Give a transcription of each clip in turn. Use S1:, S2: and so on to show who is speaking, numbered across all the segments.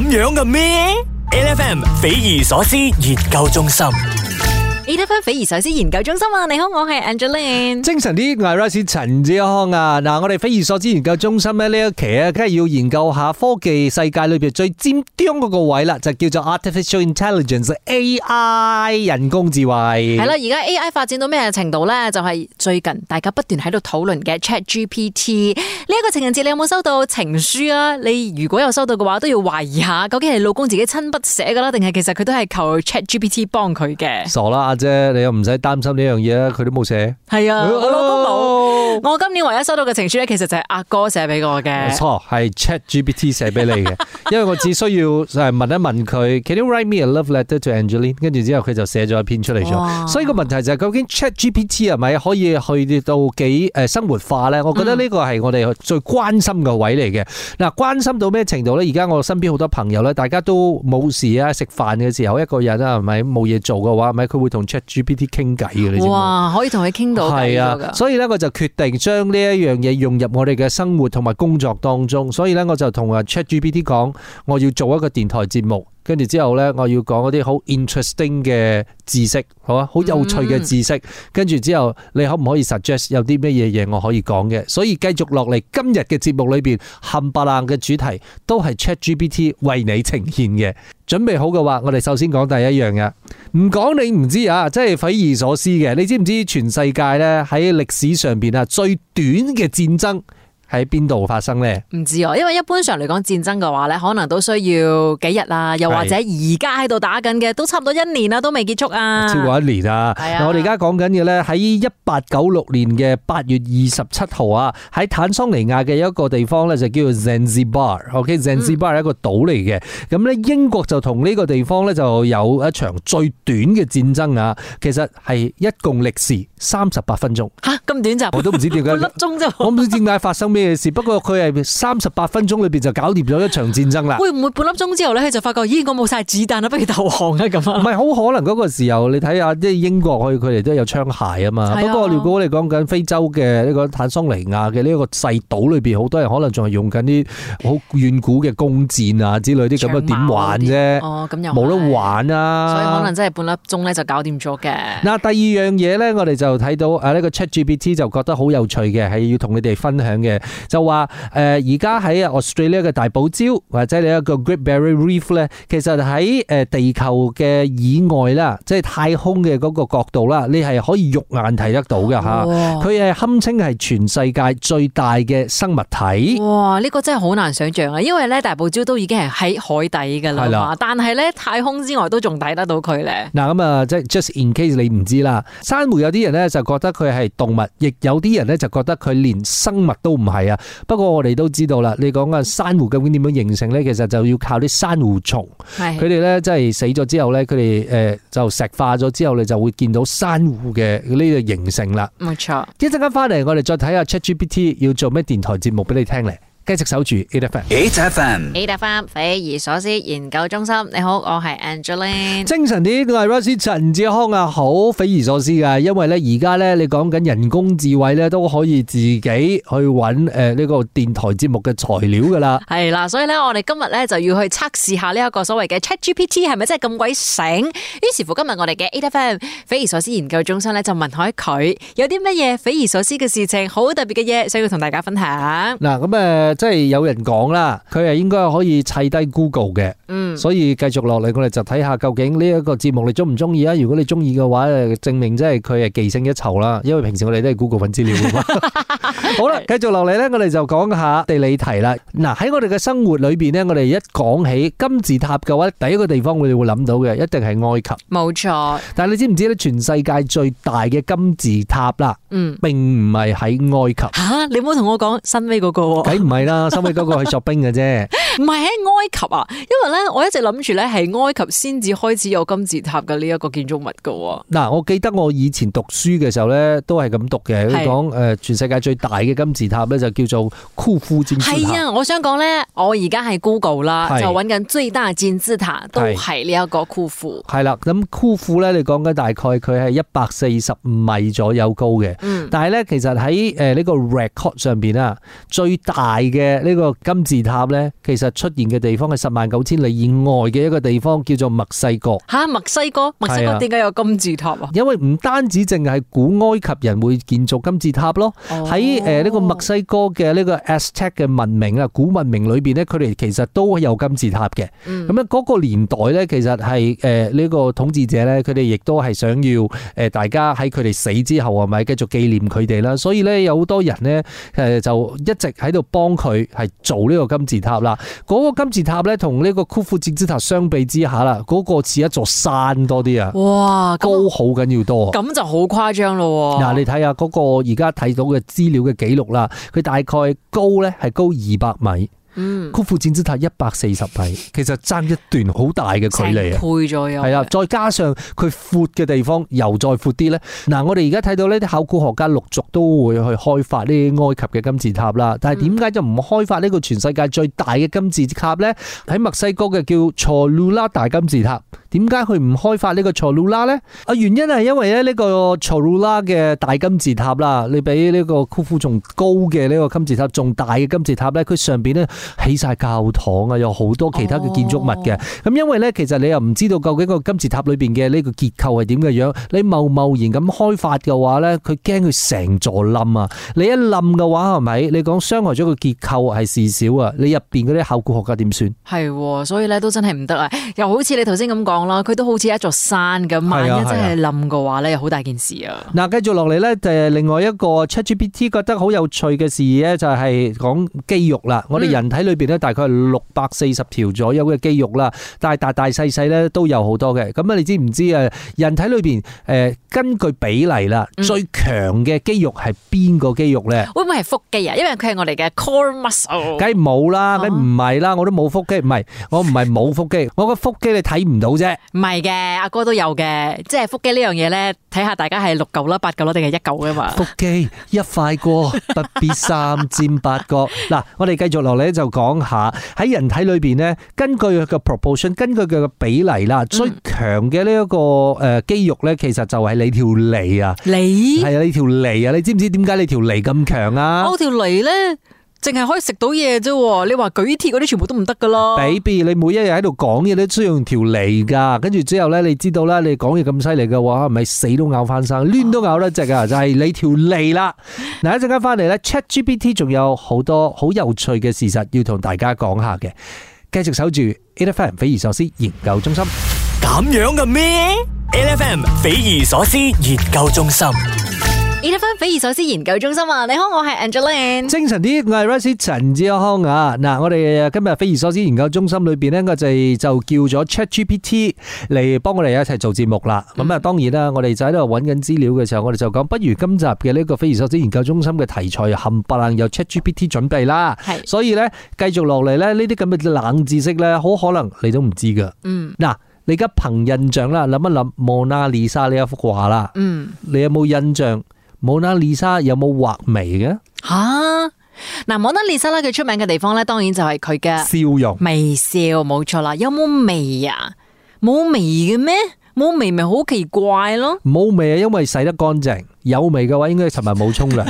S1: 咁樣嘅咩？LFM 匪夷所思研究中心。你睇翻匪夷所思研究中心啊，你好，我係 Angeline。精神啲，Rice 陳志康啊，嗱，我哋匪夷所思研究中心咧、啊、呢一期啊，梗係要研究下科技世界裏邊最尖端嗰個位啦，就叫做 artificial intelligence AI，人工智慧。係啦，而
S2: 家 AI 發展到咩程度咧？就係、是、最近大家不斷喺度討論嘅 Chat GPT。呢、這、一個情人節你有冇收到情書啊？你如果有收到嘅話，都要懷疑一下，究竟係老公自己親筆寫噶啦，定係其實佢都係求 Chat GPT 幫佢嘅？
S1: 傻啦！啫，你又唔使擔心呢樣嘢，佢都冇寫。
S2: 係啊，我都冇。我今年唯一收到嘅情書咧，其實就係阿哥寫俾我嘅，冇錯
S1: 係 Chat GPT 寫俾你嘅， 因為我只需要問一問佢，Can you write me a love letter to Angelina？跟住之後佢就寫咗一篇出嚟咗，所以個問題就係究竟 Chat GPT 係咪可以去到幾誒生活化咧？我覺得呢個係我哋最關心嘅位嚟嘅。嗱、嗯，關心到咩程度咧？而家我身邊好多朋友咧，大家都冇事啊，食飯嘅時候一個人啊，係咪冇嘢做嘅話，係咪佢會同 Chat GPT 傾偈嘅。
S2: 哇，可以同佢傾到係啊，
S1: 所以咧我就決定將呢一樣嘢融入我哋嘅生活同埋工作當中，所以呢，我就同阿 ChatGPT 講，我要做一個電台節目，跟住之後呢，我要講嗰啲好 interesting 嘅。知識，好啊，好有趣嘅知識。跟、嗯、住之後，你可唔可以 suggest 有啲咩嘢嘢我可以講嘅？所以繼續落嚟今日嘅節目裏邊，冚唪唥嘅主題都係 ChatGPT 為你呈現嘅。準備好嘅話，我哋首先講第一樣嘅，唔講你唔知啊，真係匪夷所思嘅。你知唔知全世界呢？喺歷史上邊啊最短嘅戰爭？喺邊度發生咧？
S2: 唔知哦，因為一般上嚟講戰爭嘅話咧，可能都需要幾日啦，又或者而家喺度打緊嘅都差唔多一年啦，都未結束啊！超過
S1: 一年啊！係啊！嗱，我哋而家講緊嘅咧，喺一八九六年嘅八月二十七號啊，喺坦桑尼亞嘅一個地方咧就叫做 Zanzibar，OK，Zanzibar 係一個島嚟嘅。咁咧英國就同呢個地方咧就有一場最短嘅戰爭啊！其實係一共歷時三十八分鐘。
S2: 吓、啊、咁短咋？我都唔
S1: 知點解，粒鐘咋？我唔知點解發生咩？不過佢係三十八分鐘裏邊就搞掂咗一場戰爭啦。會
S2: 唔會半粒鐘之後咧就發覺，咦，我冇晒子彈啊，不如投降啊咁
S1: 啊？唔 係，好可能嗰個時候，你睇下即係英國去，佢哋都有槍械啊嘛。 不過如果我哋講緊非洲嘅呢個坦桑尼亞嘅呢一個細島裏邊，好多人可能仲係用緊啲好遠古嘅弓箭啊之類啲咁啊，點 玩啫？哦，咁又冇得玩啊！所以可能真係
S2: 半粒鐘咧就搞掂咗嘅。
S1: 嗱，第二樣嘢咧，我哋就睇到啊呢、呢個 ChatGPT 就覺得好有趣嘅，係要同你哋分享嘅。就話誒，而家喺 Australia 嘅大堡礁，或者你一個 Great Barrier Reef 咧，其實喺誒地球嘅以外啦，即係太空嘅嗰個角度啦，你係可以肉眼睇得到㗎嚇。佢係堪稱係全世界最大嘅生物體。哇！呢個真係好難想象啊，因為
S2: 咧大堡礁都已經係喺海底㗎啦嘛，但係咧太空之外都仲睇得到佢咧。
S1: 嗱，咁啊，即係 just in case 你唔知啦，珊瑚有啲人咧就覺得佢係動物，亦有啲人咧就覺得佢連生物都唔係。係啊，不過我哋都知道啦，你講緊珊瑚究竟點樣形成咧？其實就要靠啲珊瑚蟲，係佢哋咧，即係死咗之後咧，佢哋誒就石化咗之後，你就會見到珊瑚嘅呢個形成啦。冇錯，一陣間翻嚟，我哋再睇下 ChatGPT 要做咩電台節目俾你聽嚟。一直守住 8FM，8FM，8FM，8FM,
S2: 8FM, 匪夷所思研究中心，你好，我係 Angeline。
S1: 精神啲，我係 Russi 陳志康啊，好匪夷所思噶，因為咧而家咧你講緊人工智能咧都可以自己去搵誒呢個電台節目嘅材料噶啦。係啦，所以
S2: 咧我哋今日咧就要去測試下呢一個所謂嘅 ChatGPT 係咪真係咁鬼醒？於是乎今日我哋嘅 8FM 匪夷所思研究中心咧就問開佢有啲乜嘢匪夷所思嘅事情，好特別嘅嘢想要同大家分享。
S1: 嗱，咁誒。呃即係有人講啦，佢係應該可以砌低 Google 嘅，嗯，所以繼續落嚟，我哋就睇下究竟呢一個節目你中唔中意啊？如果你中意嘅話，證明即係佢係技勝一籌啦。因為平時我哋都係 Google 揾資料。好啦，繼續落嚟咧，我哋就講下地理題啦。嗱，喺我哋嘅生活裏邊咧，我哋一講起金字塔嘅話，第一個地方我哋會諗到嘅，一定係埃及。冇錯。但係你知唔知咧？全世界最大嘅金字塔啦，嗯，並唔係喺埃及。嚇！
S2: 你唔好同我講新威嗰個喎。梗
S1: 唔係。係啦，收尾嗰個係作兵嘅啫。
S2: 唔係喺埃及啊，因為咧，我一直諗住咧係埃及先至開始有金字塔嘅呢一個建築物嘅。
S1: 嗱，我記得我以前讀書嘅時候咧，都係咁讀嘅，講誒、呃、全世界最大嘅金字塔咧就叫做庫夫、啊、金字塔。係啊，
S2: 我想講咧，我而家係 Google 啦，就揾緊最大金字塔都係呢一個庫夫
S1: 係啦，咁庫夫咧，你講緊大概佢係一百四十米左右高嘅，嗯。但係咧，其實喺誒呢個 record 上邊啊，最大嘅呢個金字塔咧，其實。出現嘅地方係十萬九千里以外嘅一個地方，叫做墨西哥。
S2: 嚇，墨西哥，墨西哥點解有
S1: 金字塔啊？因為唔單止淨係古埃及人會建造金字塔咯，喺誒呢個墨西哥嘅呢個 Aztec 嘅文明啊，古文明裏邊咧，佢哋其實都有金字塔嘅。咁樣，嗰個年代咧，其實係誒呢個統治者咧，佢哋亦都係想要誒大家喺佢哋死之後係咪繼續紀念佢哋啦？所以咧，有好多人咧誒就一直喺度幫佢係做呢個金字塔啦。嗰、那個金字塔咧，同呢個庫庫金字塔相比之下啦，嗰、那個似一座山多啲啊！哇，高好緊要多，咁
S2: 就好誇張咯。嗱、啊，
S1: 你睇下嗰個而家睇到嘅資料嘅記錄啦，佢大概高咧係高二百米。嗯，庫夫金字塔一百四十米，其實爭一段好大嘅距離啊，成倍左右。係啦，再加上佢闊嘅地方又再闊啲呢，嗱，我哋而家睇到呢啲考古學家陸續都會去開發呢啲埃及嘅金字塔啦。但係點解就唔開發呢個全世界最大嘅金字塔呢？喺墨西哥嘅叫 Cholula 大金字塔。點解佢唔開發這個呢個曹魯拉咧？啊，原因係因為咧，呢個曹魯拉嘅大金字塔啦，你比呢個庫夫仲高嘅呢個金字塔仲大嘅金字塔咧，佢上邊咧起晒教堂啊，有好多其他嘅建築物嘅。咁、哦、因為咧，其實你又唔知道究竟個金字塔裏邊嘅呢個結構係點嘅樣，樣，你貿貿然咁開發嘅話咧，佢驚佢成座冧啊！你一冧嘅話係咪？你講傷害咗個結構係事小啊，你入邊嗰啲考古學家點算？
S2: 係、哦，所以咧都真係唔得啊！又好似你頭先咁講。佢都好似一座山
S1: 咁，萬一真係
S2: 冧嘅話咧，又好、啊啊、大件事啊！
S1: 嗱，繼續落嚟咧，誒，另外一個 ChatGPT 覺得好有趣嘅事咧，就係講肌肉啦。我哋人體裏邊咧，大概係六百四十條左右嘅肌肉啦，但係大大細細咧都有好多嘅。咁啊，你知唔知啊？人體裏邊誒，根據比例啦，最強嘅肌肉係邊個肌肉咧？
S2: 會唔會係腹肌啊？因為佢係我哋嘅 core muscle。梗
S1: 係冇啦，梗唔係啦，我都冇腹肌，唔係，我唔係冇腹肌，我個腹肌你睇唔到啫。
S2: 唔係嘅，阿哥都有嘅，即係腹肌呢樣嘢咧，睇下大家係六嚿啦、八嚿啦，定係一嚿噶嘛？腹
S1: 肌一塊過不必三尖八角。嗱，我哋繼續落嚟就講下喺人體裏邊咧，根據佢嘅 proportion，根據佢嘅比例啦，最強嘅呢一個誒肌肉咧，其實就係你條脷啊！你係啊，你條脷啊！你知唔知點解你條脷咁強啊？我
S2: 條脷咧。淨係可以食到嘢啫，你話舉鐵嗰啲全部都唔得
S1: 噶咯。Baby，你每一日喺度講嘢都需要用條脷噶，跟住之後咧，你知道啦，你講嘢咁犀利嘅話，係咪死都咬翻生，攣都咬得直啊？就係你條脷啦。嗱，一陣間翻嚟咧，ChatGPT 仲有好多好有趣嘅事實要同大家講下嘅，繼續守住 LFM 匪夷所思研究中心。咁樣嘅咩？LFM 匪夷所思研究中心。伊芬匪夷所思研究中心啊，你好，我係 Angeline。精神啲，我係 Rosy 陳志康啊。嗱，我哋今日匪夷所思研究中心裏邊咧，我哋就叫咗 ChatGPT 嚟幫我哋一齊做節目啦。咁啊，當然啦，我哋就喺度搵緊資料嘅時候，我哋就講，不如今集嘅呢個匪夷所思研究中心嘅題材，冚唪唥由 ChatGPT 準備啦。係，所以咧，繼續落嚟咧，呢啲咁嘅冷知識咧，好可能你都唔知噶。嗯。嗱，你而家憑印象啦，諗一諗《蒙娜麗莎》呢一幅畫啦。嗯。你有冇印象？蒙娜麗莎有冇畫眉嘅？
S2: 吓，嗱，蒙娜麗莎咧，佢出名嘅地方咧，當然就係佢嘅笑容、微笑，冇錯啦。有冇眉啊？冇眉嘅咩？冇眉咪
S1: 好奇怪咯。冇眉啊，因為洗得乾淨。有眉嘅話，應該尋日冇沖涼。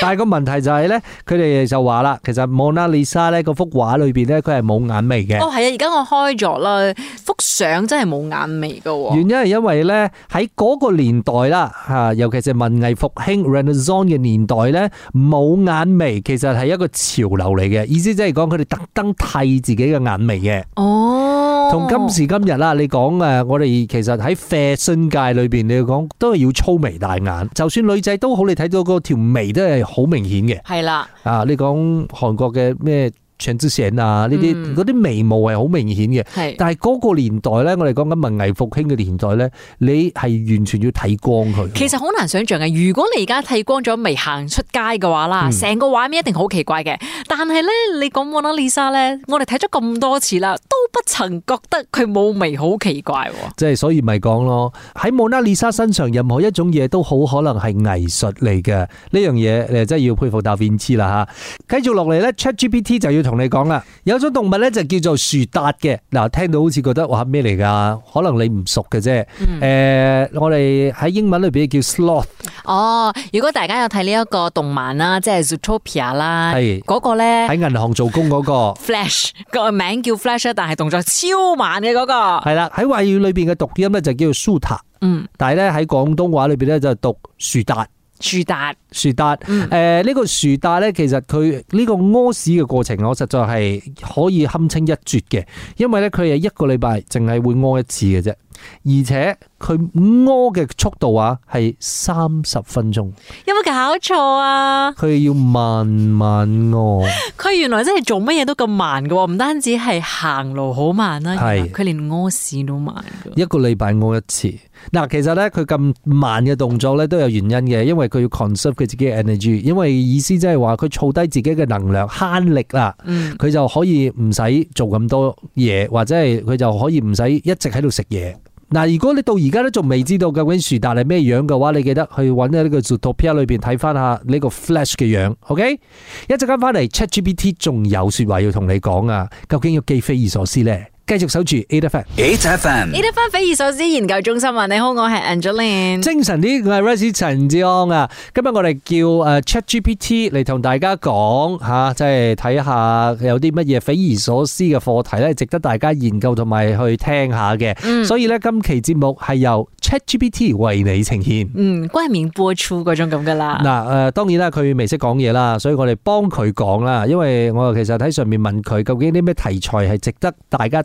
S1: 但係個問題就係咧，佢哋就話啦，其實蒙娜麗莎咧，嗰幅畫裏邊咧，佢係冇眼眉嘅。哦，係
S2: 啊，而家我開咗啦，幅相真係冇眼眉噶。原
S1: 因係因為咧，喺嗰個年代啦，吓，尤其是文藝復興 （Renaissance） 嘅年代咧，冇眼眉其實係一個潮流嚟嘅。意思即係講佢哋特登剃自己嘅眼眉嘅。哦，同今時今日啦，你講誒，我哋其實喺 Fashion 界裏邊，你講都係要粗眉大眼。就算女仔都好，你睇到個條眉都係好明顯嘅。
S2: 係啦，
S1: 啊，你講韓國嘅咩？長姿線啊，呢啲嗰啲眉毛係好明顯嘅。嗯，但係嗰個年代咧，我哋講緊文藝復興嘅年代咧，你係完全要剃光佢。其
S2: 實好難想象嘅，如果你而家剃光咗眉行出街嘅話啦，成，嗯、個畫面一定好奇怪嘅。但係咧，你講蒙娜麗莎咧，我哋睇咗咁多次啦，都不曾覺得佢冇眉好奇怪。
S1: 即係所以咪講咯，喺蒙娜麗莎身上任何一種嘢都好可能係藝術嚟嘅呢樣嘢，你真係要佩服達芬奇啦吓。繼續落嚟咧，ChatGPT 就要。同你講啦，有種動物咧就叫做樹達嘅。嗱，聽到好似覺得哇咩嚟㗎？可能你唔熟嘅啫。誒，我哋喺英文裏邊叫 sloth。
S2: 哦，如果大家有睇呢一個動漫啦，即係 Zootopia 啦，係嗰個咧喺
S1: 銀行做工嗰個
S2: Flash，個名叫 Flash，但係動作超慢嘅嗰個。
S1: 係啦，喺華語裏邊嘅讀音咧就叫做樹獺。嗯，但係咧喺廣東話裏邊咧就讀樹獺。樹達，樹達，誒、嗯，呢、呃這個樹達咧，其實佢呢個屙屎嘅過程，我實在係可以堪稱一絕嘅，因為咧佢係一個禮拜淨係會屙一次嘅啫。而且佢屙嘅速度啊，係三十分鐘，有冇搞錯啊？佢要慢慢屙，
S2: 佢 原來真係做乜嘢都咁慢噶，唔單止係行路好慢啦，係佢連屙屎都慢的。
S1: 一個禮拜屙一次，嗱，其實咧佢咁慢嘅動作咧都有原因嘅，因為佢要 conserve 佢自己嘅 energy，因為意思即係話佢儲低自己嘅能量慳力啦，佢、嗯、就可以唔使做咁多嘢，或者係佢就可以唔使一直喺度食嘢。嗱，如果你到而家都仲未知道究竟樹袋熊係咩樣嘅話，你記得去搵下呢個 Zootopia 裏邊睇翻下呢個 Flash 嘅樣，OK？一陣間翻嚟 ChatGPT 仲有說話要同你講啊，究竟要幾匪夷所思呢？繼續守住 Eight FM，Eight FM，Eight
S2: FM，匪夷所思研究中心啊！你
S1: 好，我係 Angeline，精神啲我係 Rise 陳志安啊！今日我哋叫誒 Chat GPT 嚟同大家講吓，即係睇下有啲乜嘢匪夷所思嘅課題咧，值得大家研究同埋去聽下嘅。所以咧，今期節目係由 Chat GPT 為你呈現，
S2: 嗯，關明播出嗰種咁噶啦。
S1: 嗱誒，當然啦，佢未識講嘢啦，所以我哋幫佢講啦，因為我又其實喺上面問佢究竟啲咩題材係值得大家。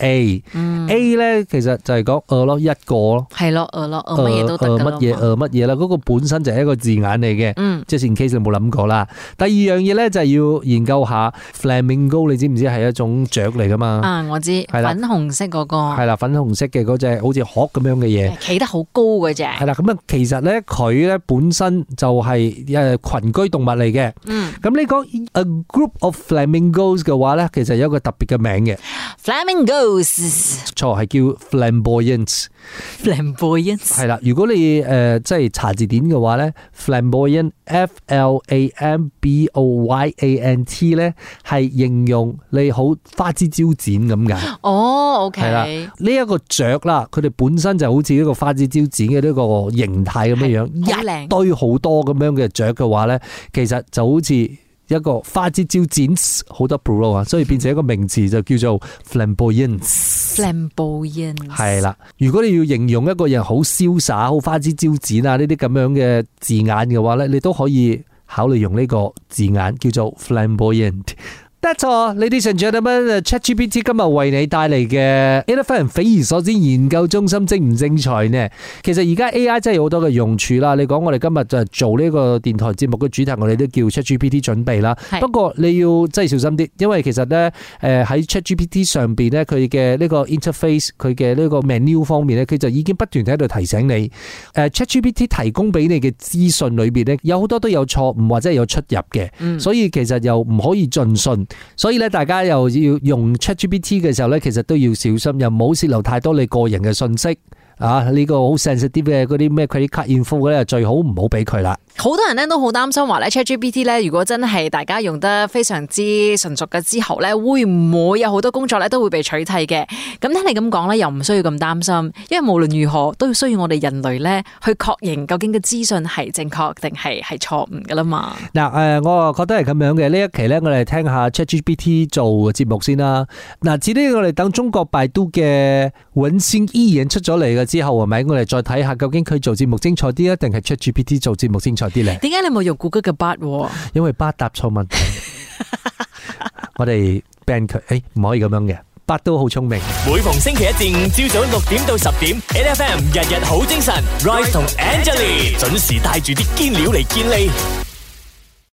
S1: A，A 咧其實就係講餓咯，一個咯，係咯，餓
S2: 咯，乜嘢都得噶咯，乜嘢餓
S1: 乜嘢啦，嗰個本身就係一個字眼嚟嘅。嗯，即係前 case 你冇諗過啦。第二樣嘢咧就係要研究下 flamingo，你知唔知係一種雀嚟噶嘛？啊，
S2: 我知，係啦，粉紅色嗰個，係
S1: 啦，粉紅色嘅嗰隻好似殼咁樣嘅嘢，企
S2: 得好高嗰隻，
S1: 係啦，咁啊，其實咧佢咧本身就係誒群居動物嚟嘅，嗯，咁你講 a group of flamingos 嘅話咧，其實有一個特別嘅名嘅，flamingo。錯，係叫 flamboyance。flamboyance 係啦，如果你誒、呃、即係查字典嘅話咧 f l a m b o y a n c e f l a m b o y a n t 咧係形容你好花枝招展咁嘅。哦、
S2: oh，OK，係啦，
S1: 呢一、呢個雀啦，佢哋本身就好似一個花枝招展嘅呢個形態咁樣樣，一堆好多咁樣嘅雀嘅話咧，其實就好似。一個花枝招展，好多 pro 啊，所以變成一個名詞就叫做 flamboyance。
S2: flamboyance
S1: 係啦，如果你要形容一個人好瀟灑、好花枝招展啊呢啲咁樣嘅字眼嘅話咧，你都可以考慮用呢個字眼叫做 flamboyant。得錯，ladies and gentlemen，ChatGPT 今日為你帶嚟嘅，非人匪夷所思研究中心精唔精彩呢？其實而家 AI 真係好多嘅用處啦。你講我哋今日就做呢個電台節目嘅主題，我哋都叫 ChatGPT 準備啦。不過你要真係小心啲，因為其實咧，誒喺 ChatGPT 上邊咧，佢嘅呢個 interface，佢嘅呢個 menu 方面咧，佢就已經不斷喺度提醒你，誒 ChatGPT 提供俾你嘅資訊裏邊咧，有好多都有錯誤，唔或者有出入嘅，所以其實又唔可以盡信。所以咧，大家又要用 ChatGPT 嘅時候咧，其實都要小心，又唔好泄漏太多你個人嘅信息。啊！呢、這個好 Sensitive 嘅嗰啲咩 Credit Card Info 咧，最好唔好俾佢啦。
S2: 好多人咧都好擔心話咧 Chat GPT 咧，HGPT，如果真係大家用得非常之純熟嘅之後咧，會唔會有好多工作咧都會被取締嘅？咁聽你咁講咧，又唔需要咁擔心，因為無論如何都要需要我哋人類咧去確認究竟嘅資訊係正確定係係錯
S1: 誤噶啦嘛。嗱，誒，我啊覺得係咁樣嘅。呢一期咧，我哋聽一下 Chat GPT 做嘅節目先啦。嗱，至於我哋等中國百度嘅文心一言出咗嚟嘅。之後係咪？我哋再睇下究竟佢做節目精彩啲，定係 ChatGPT 做節目精彩啲咧？
S2: 點解你冇用 Google 嘅 bot？
S1: 因為 bot 答錯問題，我哋 ban 佢。誒，唔可以咁樣嘅。bot 都好聰明。每逢星期一
S2: 至五朝早六點到十點
S1: ，FM 日日好精神。Rise 同 Angelina 準時帶住啲堅料嚟見你。